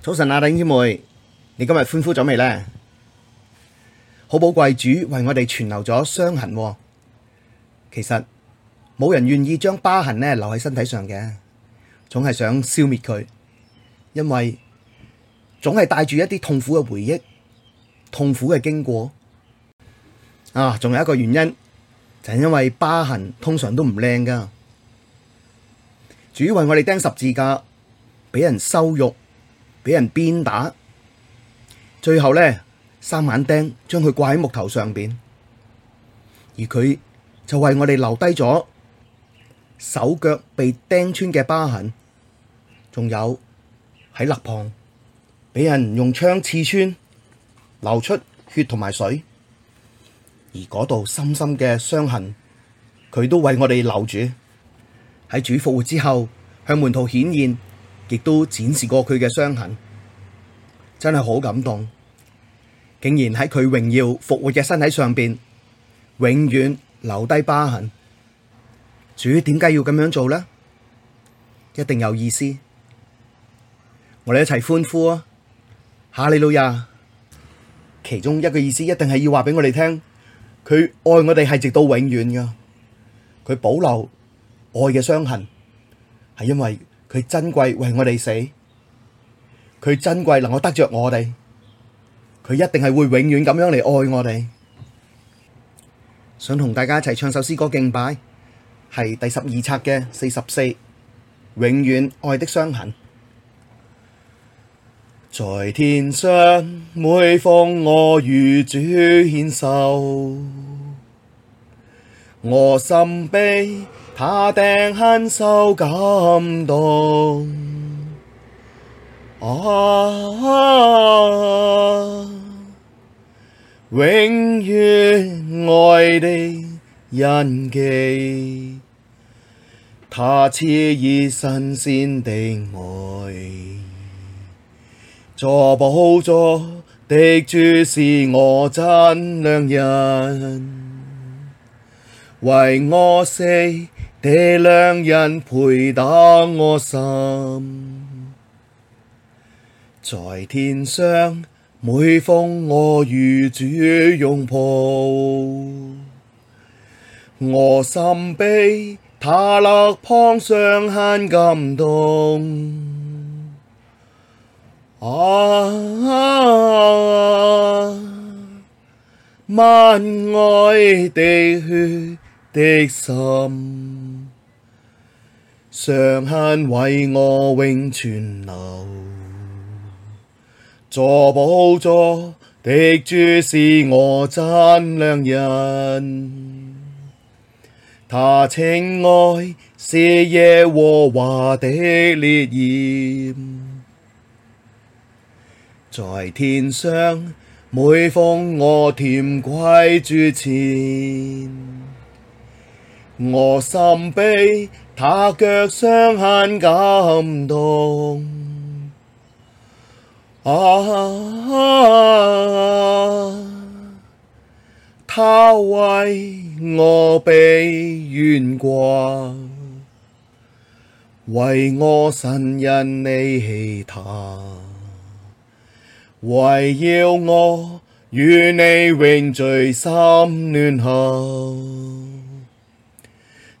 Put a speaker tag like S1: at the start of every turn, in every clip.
S1: 早晨啊，弟兄姊妹，你今日歡呼咗未咧？好寶貴，主為我哋存留咗傷痕。其實冇人願意將疤痕咧留喺身體上嘅，總係想消滅佢，因為總係帶住一啲痛苦嘅回憶、痛苦嘅經過。啊，仲有一個原因就係、是、因為疤痕通常都唔靚噶。主為我哋釘十字架，俾人羞辱。俾人鞭打，最後呢三眼釘將佢掛喺木頭上邊，而佢就為我哋留低咗手腳被釘穿嘅疤痕，仲有喺肋旁俾人用槍刺穿，流出血同埋水，而嗰度深深嘅傷痕，佢都為我哋留住，喺主復活之後向門徒顯現。亦都展示過佢嘅傷痕，真係好感動。竟然喺佢榮耀復活嘅身體上邊，永遠留低疤痕。主點解要咁樣做呢？一定有意思。我哋一齊歡呼啊！哈利路亞，其中一個意思一定係要話俾我哋聽，佢愛我哋係直到永遠噶。佢保留愛嘅傷痕，係因為。佢珍貴為我哋死，佢珍貴能夠得着我哋，佢一定係會永遠咁樣嚟愛我哋。想同大家一齊唱首詩歌敬拜，係第十二冊嘅四十四，永遠愛的傷痕。在天上每逢我與
S2: 主牽手，我深被。釘痕手感動啊，啊！永遠愛的印記，祂熾熱新鮮的愛，坐寶座的主是我真良人，為我死，的良人配得我心，在天上每逢我與主擁抱，我深被祂肋旁傷痕很感動啊。啊，萬愛滴血的心。傷痕為我永存留，坐寶座的主是我真良人，他情愛是耶和華的烈焰，在天上每逢我甜跪主前，我深被。踏腳傷痕，感動，啊！他為我被懸掛，為我神人離棄祂，唯要我與你永聚心暖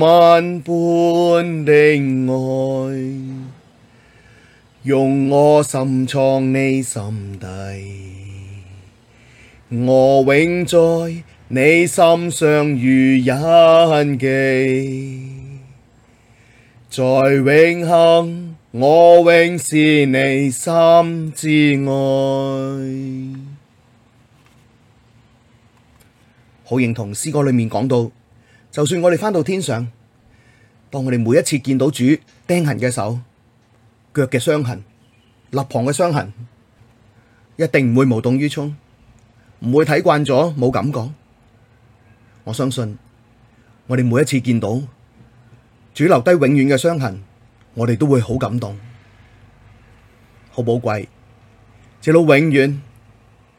S2: 萬般的愛，擁我深藏你心底，我永在你心上如印記，在永恆，我永是你心至
S1: 愛。好認同詩歌裏面講到。就算我哋翻到天上，當我哋每一次見到主釘痕嘅手、腳嘅傷痕、肋旁嘅傷痕，一定唔會無動於衷，唔會睇慣咗冇感覺。我相信我哋每一次見到主留低永遠嘅傷痕，我哋都會好感動，好寶貴。直到永遠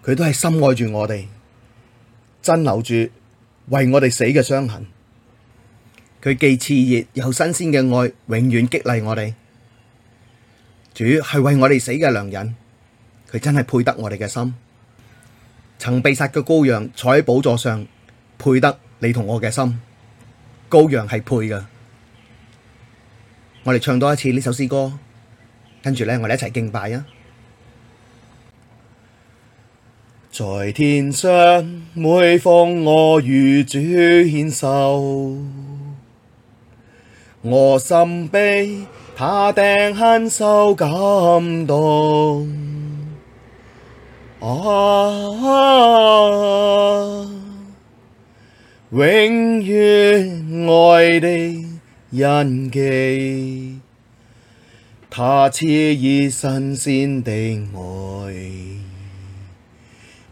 S1: 佢都係深愛住我哋，真留住為我哋死嘅傷痕。佢既熾熱又新鮮嘅愛，永遠激勵我哋。主係為我哋死嘅良人，佢真係配得我哋嘅心。曾被殺嘅羔羊坐喺寶座上，配得你同我嘅心。羔羊係配嘅，我哋唱多一次呢首詩歌，跟住咧，我哋一齊敬拜啊！在天上每逢我
S2: 與主牽手，我深被，祂釘痕手感動。啊，啊永遠愛的印記，祂熾熱新鮮的愛，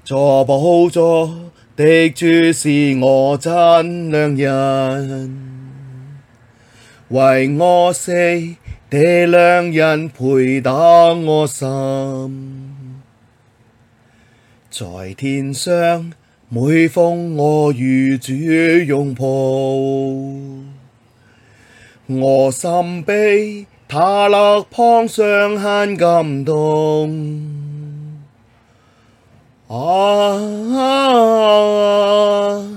S2: 坐寶座的主是我真良人。為我死的良人配得我心，在天上每逢我與主擁抱，我深被祂肋旁傷痕感動，啊，啊，啊啊、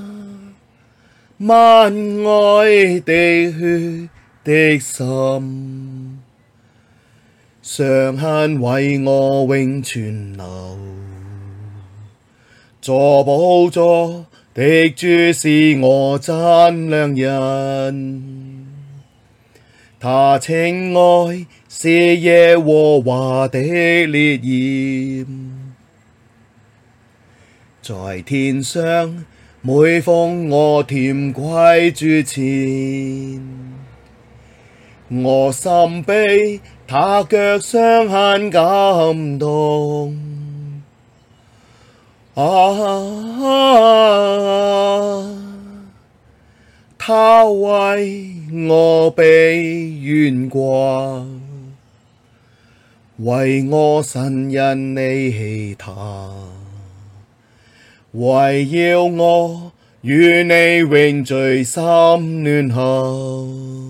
S2: 萬愛滴血的心，傷痕為我永存留，坐寶座的主是我真良人，祂情愛是耶和華的烈焰，在天上每逢我甜跪主前。我深被他腳傷痕感動。啊，他、啊啊、為我被懸掛，為我神人離棄祂，為要我與你永最深聯合。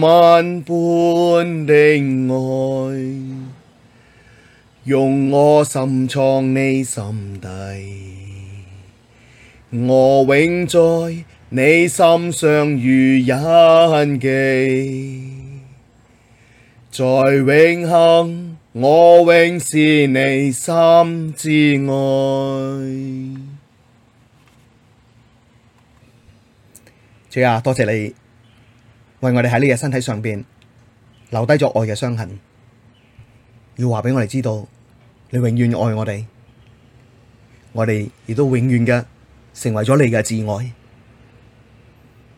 S2: 萬般的愛，用我深藏你心底，我永在你心上如印記，在永恆，我永是你心
S1: 之愛。主啊，多謝你。為我哋喺呢個身體上邊留低咗愛嘅傷痕，要話俾我哋知道，你永遠愛我哋，我哋亦都永遠嘅成為咗你嘅摯愛。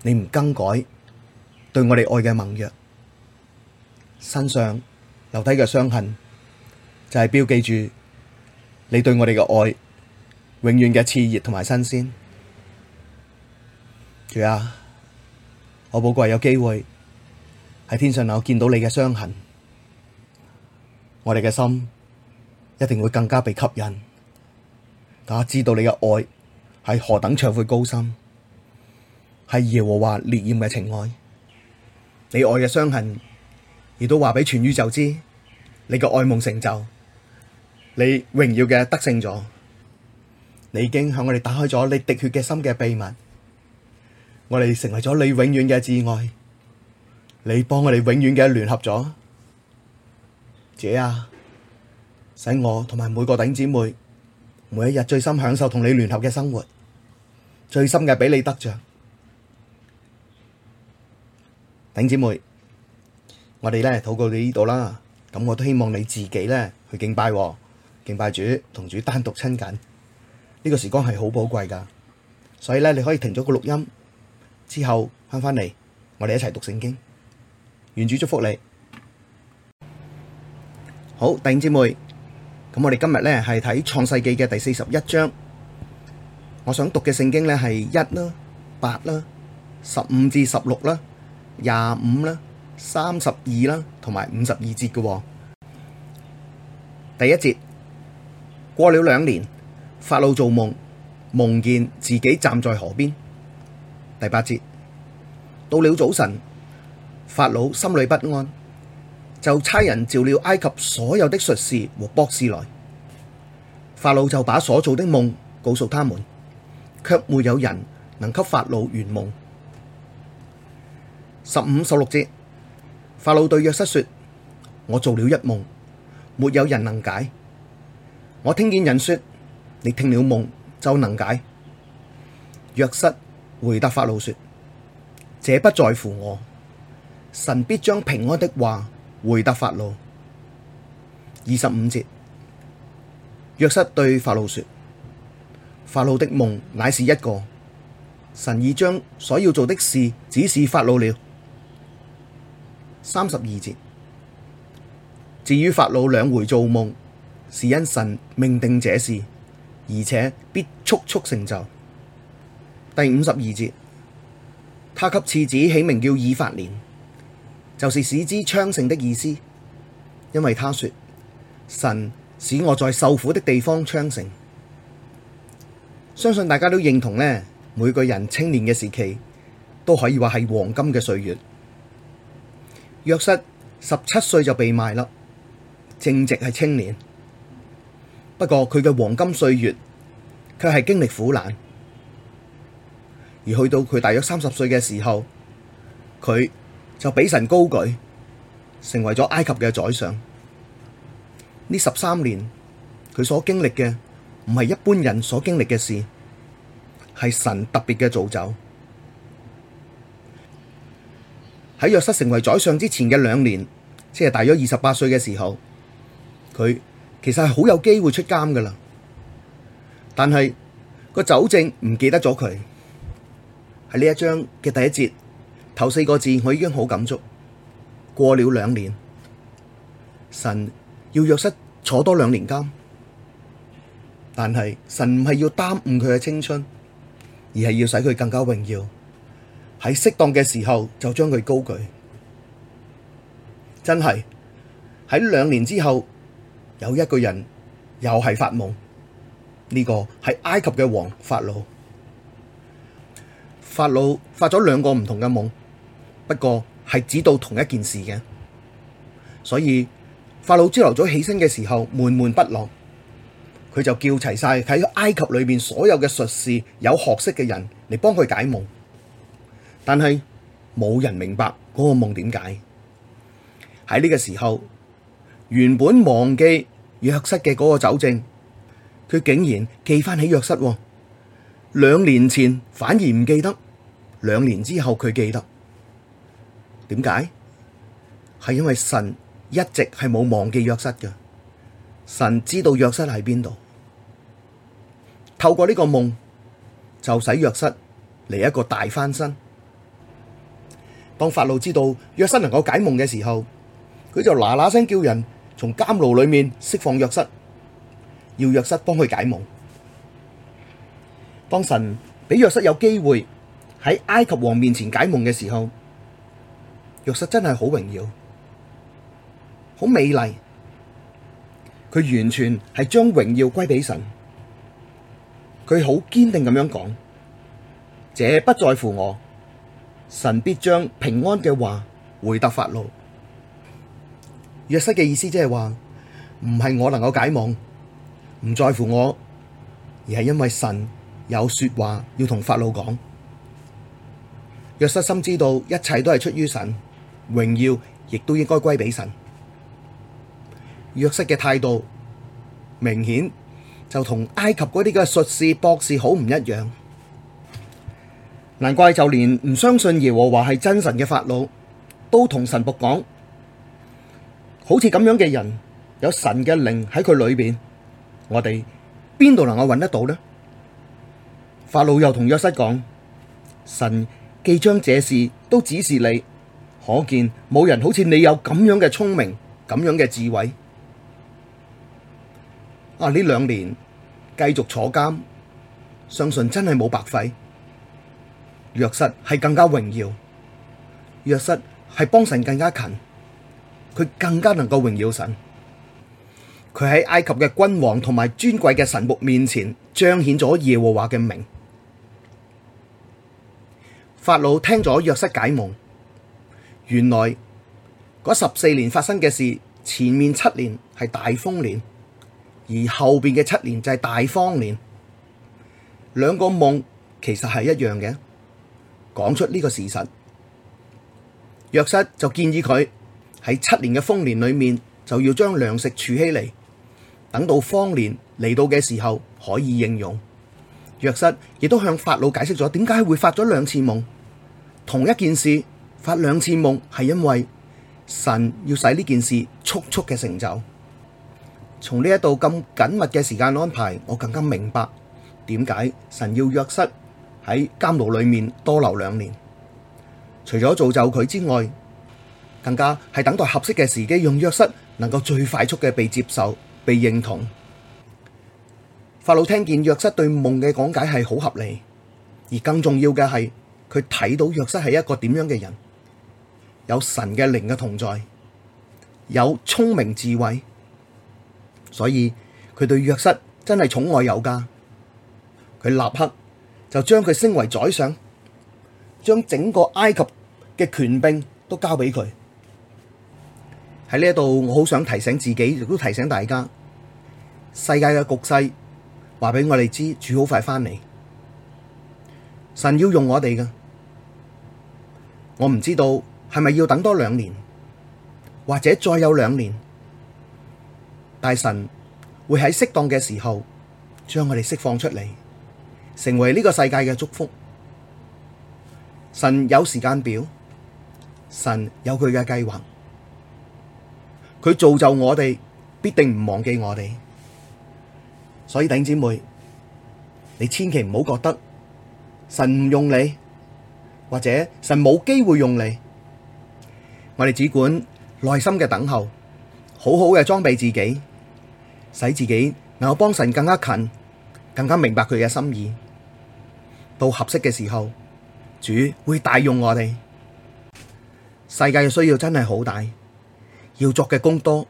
S1: 你唔更改對我哋愛嘅盟約，身上留低嘅傷痕就係標記住你對我哋嘅愛永遠嘅熾熱同埋新鮮。主啊！我寶貴有機會喺天上眼見到你嘅傷痕，我哋嘅心一定會更加被吸引。大家知道你嘅愛係何等長闊高深，係耶和華烈焰嘅情愛。你愛嘅傷痕亦都話俾全宇宙知，你嘅愛夢成就，你榮耀嘅得勝咗，你已經向我哋打開咗你滴血嘅心嘅秘密。我哋成為咗你永遠嘅摯愛，你幫我哋永遠嘅聯合咗姐啊，使我同埋每個頂姐妹每一日最深享受同你聯合嘅生活，最深嘅俾你得着。頂姐妹，我哋咧禱告到呢度啦，咁我都希望你自己咧去敬拜，敬拜主同主單獨親近，呢個時光係好寶貴噶，所以咧你可以停咗個錄音。之後翻返嚟，我哋一齊讀聖經。願主祝福你。好，弟兄姊妹，咁我哋今日呢係睇創世紀嘅第四十一章。我想讀嘅聖經呢係一啦、八啦、十五至十六啦、廿五啦、三十二啦，同埋五十二節嘅。第一節，過了兩年，法老做夢，夢見自己站在河邊。第八節，到了早晨，法老心裡不安，就差人召了埃及所有的術士和博士來。法老就把所做的夢告訴他們，卻沒有人能給法老圓夢。十五、十六節，法老對約瑟說：我做了一夢，沒有人能解。我聽見人說，你聽了夢就能解。約瑟回答法老說：這不在乎我，神必將平安的話回答法老。二十五節，約瑟對法老說：法老的夢乃是一個，神已將所要做的事指示法老了。三十二節，至於法老兩回做夢，是因神命定這事，而且必速速成就。第五十二節，他給次子起名叫以法蓮，就是使之昌盛的意思。因為他說：神使我在受苦的地方昌盛。相信大家都認同呢，每個人青年嘅時期都可以話係黃金嘅歲月。約瑟十七歲就被賣啦，正值係青年，不過佢嘅黃金歲月卻係經歷苦難。而去到佢大約三十歲嘅時候，佢就俾神高舉，成為咗埃及嘅宰相。呢十三年，佢所經歷嘅唔係一般人所經歷嘅事，係神特別嘅造就。喺約瑟成為宰相之前嘅兩年，即係大約二十八歲嘅時候，佢其實係好有機會出監噶啦，但係個酒政唔記得咗佢。喺呢一章嘅第一節頭四個字，我已經好感觸。過了兩年，神要約瑟坐多兩年監，但係神唔係要耽誤佢嘅青春，而係要使佢更加榮耀，喺適當嘅時候就將佢高舉。真係喺兩年之後，有一個人又係發夢，呢、這個係埃及嘅王法老。法老發咗兩個唔同嘅夢，不過係指到同一件事嘅，所以法老朝頭早起身嘅時候悶悶不樂，佢就叫齊晒喺埃及裏面所有嘅術士、有學識嘅人嚟幫佢解夢，但係冇人明白嗰個夢點解。喺呢個時候，原本忘記約瑟嘅嗰個酒政，佢竟然記翻起約瑟，兩年前反而唔記得。兩年之後，佢記得。點解？喺埃及王面前解夢嘅時候，約瑟真係好榮耀、好美麗。佢完全係將榮耀歸俾神，佢好堅定咁樣講：這不在乎我，神必將平安嘅話回答法老。約瑟嘅意思即係話，唔係我能夠解夢，唔在乎我，而係因為神有說話要同法老講。約瑟心知道一切都係出於神，榮耀亦都應該歸俾神。約瑟嘅態度明顯就同埃及嗰啲嘅術士、博士好唔一樣。難怪就連唔相信耶和華係真神嘅法老，都同神僕講，好似咁樣嘅人有神嘅靈喺佢裏邊。我哋邊度能夠揾得到呢？法老又同約瑟講神。既將這事都指示你，可見冇人好似你有咁樣嘅聰明，咁樣嘅智慧。啊！呢兩年繼續坐監，相信真係冇白費。約瑟係更加榮耀，約瑟係幫神更加近，佢更加能夠榮耀神。佢喺埃及嘅君王同埋尊貴嘅神木面前彰顯咗耶和華嘅名。法老聽咗約瑟解夢，原來嗰十四年發生嘅事，前面七年係大豐年，而後邊嘅七年就係大荒年。兩個夢其實係一樣嘅，講出呢個事實。約瑟就建議佢喺七年嘅豐年裏面，就要將糧食儲起嚟，等到荒年嚟到嘅時候可以應用。約失亦都向法老解釋咗點解會發咗兩次夢，同一件事發兩次夢，係因為神要使呢件事速速嘅成就。從呢一度咁緊密嘅時間安排，我更加明白點解神要約瑟喺監牢裏面多留兩年。除咗造就佢之外，更加係等待合適嘅時機，讓約瑟能夠最快速嘅被接受、被認同。N 法老聽見，約瑟對夢嘅講解係好合理，而更重要嘅係，佢睇到約瑟係一個點樣嘅人，有神的靈的同在，有聰明智慧。所以，佢對約瑟真係寵愛有加。佢立刻就將佢升為宰相，將整個埃及嘅權柄都交俾佢。喺呢一度，我好想提醒自己，亦都提醒大家，世界嘅局勢。話俾我哋知，主好快翻嚟。神要用我哋噶，我唔知道係咪要等多兩年，或者再有兩年，大神會喺適當嘅時候將我哋釋放出嚟，成為呢個世界嘅祝福。神有時間表，神有佢嘅計劃，佢造就我哋，必定唔忘記我哋。所以頂姐妹，你千祈唔好覺得神唔用你，或者神冇機會用你。我哋只管耐心嘅等候，好好嘅裝備自己，使自己能夠幫神更加近，更加明白佢嘅心意。到合適嘅時候，主會大用我哋。世界嘅需要真係好大，要作嘅工多，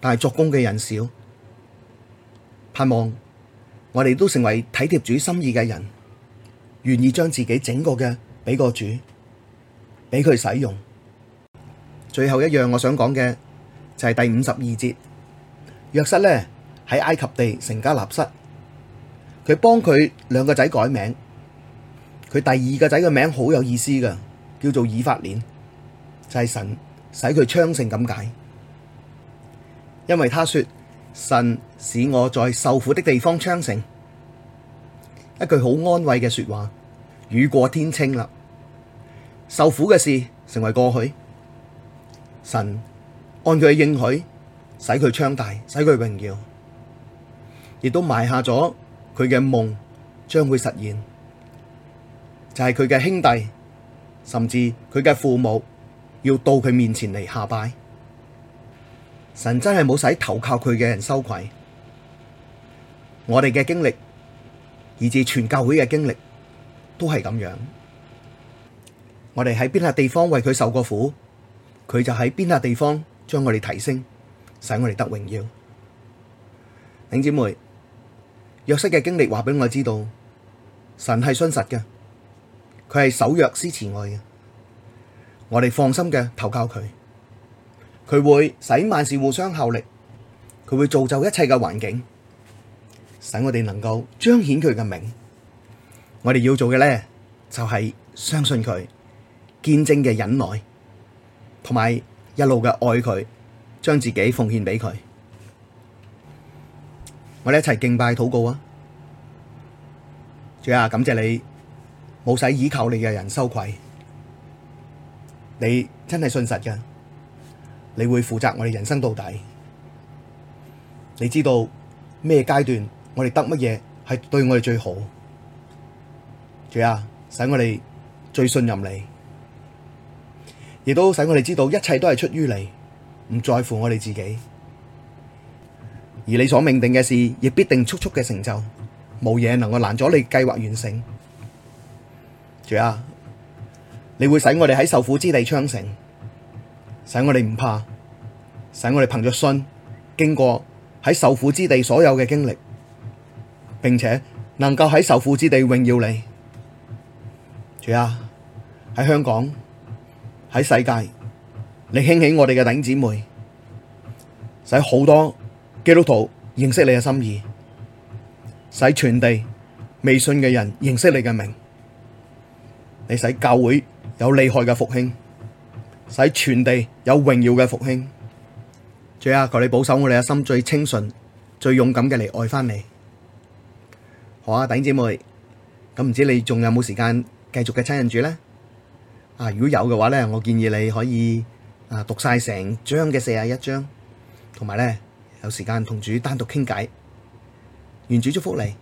S1: 但係作工嘅人少。盼望我哋都成為體貼主心意嘅人，願意將自己整個嘅俾個主，俾佢使用。最後一樣我想講嘅就係、是、第五十二節，約瑟呢，喺埃及地成家立室，佢幫佢兩個仔改名，佢第二個仔嘅名好有意思噶，叫做以法蓮，就係、是、神使佢昌盛咁解，因為他說。神使我在受苦的地方昌盛，一句好安慰嘅說話，雨過天青啦，受苦嘅事成為過去。神按佢嘅應許，使佢昌大，使佢榮耀，亦都埋下咗佢嘅夢將會實現，就係佢嘅兄弟，甚至佢嘅父母要到佢面前嚟下拜。神真係冇使投靠佢嘅人羞愧，我哋嘅經歷，以至全教會嘅經歷，都係咁樣。我哋喺邊個地方為佢受過苦，佢就喺邊個地方將我哋提升，使我哋得榮耀。弟兄姊妹，約瑟嘅經歷話畀我知道，神係信實嘅，佢係守約施慈愛嘅，我哋放心嘅投靠佢。佢會使萬事互相效力，佢會造就一切嘅環境，使我哋能夠彰顯佢嘅名。我哋要做嘅咧就係相信佢，見證嘅忍耐，同埋一路嘅愛佢，將自己奉獻俾佢。我哋一齊敬拜禱告啊！主啊，感謝你冇使倚靠你嘅人羞愧，你真係信實嘅。你會負責我哋人生到底，你知道咩階段我哋得乜嘢係對我哋最好？主啊，使我哋最信任你，亦都使我哋知道一切都係出於你，唔在乎我哋自己。而你所命定嘅事，亦必定速速嘅成就，冇嘢能夠攔阻你計劃完成。主啊，你會使我哋喺受苦之地昌盛。使我哋唔怕，使我哋憑着信經過喺受苦之地所有嘅經歷，並且能夠喺受苦之地榮耀你，主啊！喺香港，喺世界，你興起我哋嘅弟兄姊妹，使好多基督徒認識你嘅心意，使全地未信嘅人認識你嘅名，你使教會有厲害嘅復興。使全地有榮耀嘅復興，主啊，求你保守我哋嘅心最清純、最勇敢嘅嚟愛翻你，好啊，弟兄姊妹，咁唔知你仲有冇時間繼續嘅親近主咧？啊，如果有嘅話咧，我建議你可以啊讀晒成章嘅四十一章，同埋咧有時間同主單獨傾偈，願主祝福你。